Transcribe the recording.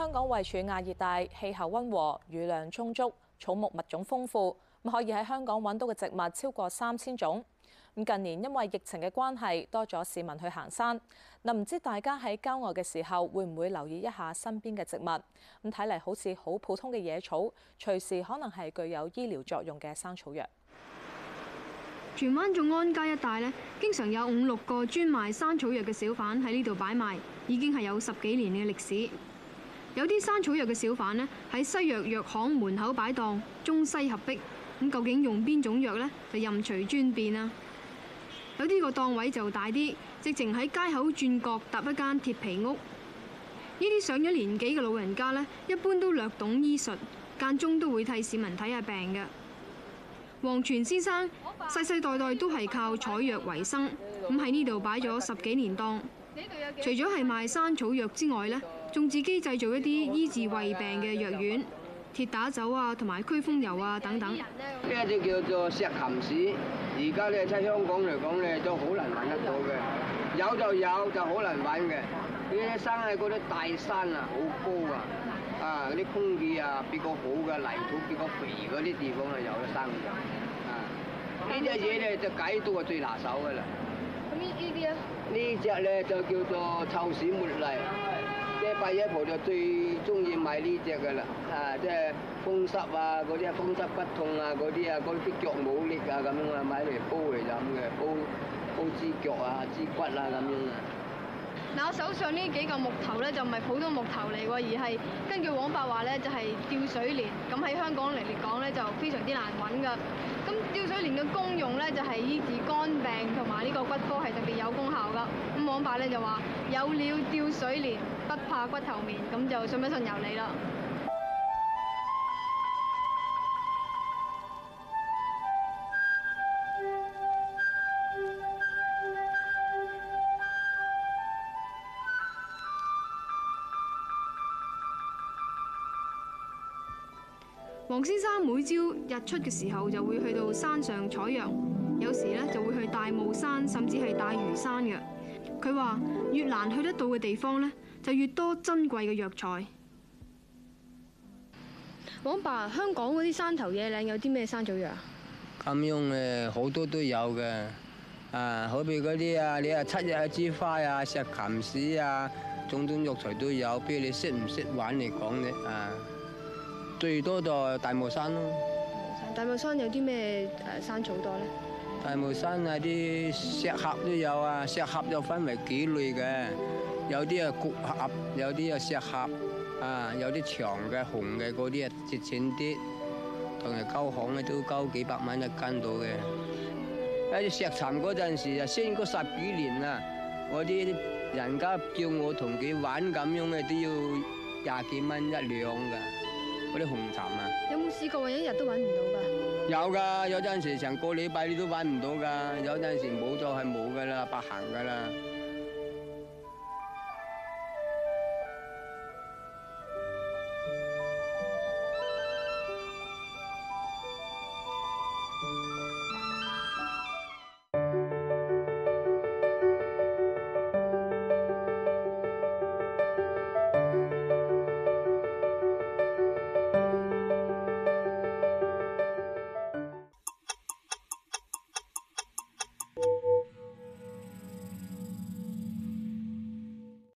香港位處亞熱帶，氣候溫和，雨量充足，草木物種豐富。咁可以喺香港揾到嘅植物超過三千種。咁近年因為疫情嘅關係，多咗市民去行山。嗱，唔知大家喺郊外嘅時候會唔會留意一下身邊嘅植物？咁睇嚟好似好普通嘅野草，隨時可能係具有醫療作用嘅生草藥。荃灣眾安街一帶咧，經常有五、六個專賣生草藥嘅小販喺呢度擺賣，已經係有十幾年嘅歷史。有啲山草藥嘅小販呢，喺西藥藥行門口擺檔，中西合璧。咁究竟用邊種藥呢？就任隨尊便啦。有啲個檔位就大啲，直情喺街口轉角搭一間鐵皮屋。呢啲上咗年紀嘅老人家呢，一般都略懂醫術，間中都會替市民睇下病嘅。黃全先生辦世世代代都係靠採藥為生，咁喺呢度擺咗十幾年檔，除咗係賣山草藥之外呢，仲自己製造一啲醫治胃病嘅藥丸、鐵打酒啊、同埋驅風油啊等等。呢隻叫做石琴屎，而家咧喺香港嚟講咧都好難揾得到嘅，有就有，就好難揾嘅。呢咧生喺嗰啲大山啊，好高啊，啊，嗰啲空氣啊比較好嘅，泥土比較肥嗰啲地方咧有得生嘅。啊，呢隻嘢咧就解毒係最拿手噶啦。呢呢啲啊？呢隻咧就叫做臭屎茉莉。即係八爺婆就最中意買呢隻嘅啦，啊！即係風濕啊，嗰啲啊風濕骨痛啊，嗰啲啊，嗰啲腳冇力啊咁啊，買嚟煲嚟飲嘅，煲煲支腳啊，支骨啊咁樣啊。嗱，我手上呢幾嚿木頭咧，就唔係普通木頭嚟喎，而係根據黃伯話咧，就係吊水蓮。咁喺香港嚟嚟講咧，就非常之難揾㗎。咁吊水蓮嘅功用咧，就係醫治肝病同埋呢個骨科係。功效㗎。咁王伯呢就話：有了吊水蓮，不怕骨頭面。咁就信不信由你啦。王先生每朝日出嘅時候就會去到山上採藥，有時咧就會去大霧山，甚至係大嶼山嘅。佢話越難去得到嘅地方咧，就越多珍貴嘅藥材。王伯，香港嗰啲山頭野嶺有啲咩山草藥啊？咁樣誒，好多都有嘅。啊，好比嗰啲啊，你啊七葉一枝花啊、石琴屎啊，種種藥材都有。比如你識唔識玩嚟講咧啊？最多就係大霧山咯。大霧山有啲咩誒山草多咧？大帽山啊啲石盒都有啊，石盒又分為幾類嘅，有啲係鉻盒，有啲係石盒。啊有啲長嘅、紅嘅嗰啲啊值錢啲，同埋交行咧都交幾百蚊一斤到嘅。一啲石蠶嗰陣時就先嗰十幾年啊，我啲人家叫我同佢玩咁樣嘅，都要廿幾蚊一兩嘅，嗰啲紅蠶啊。有冇試過一日都揾唔到㗎？有噶，有陣時成個禮拜你都搵唔到噶，有陣時冇就係冇噶啦，白行噶啦。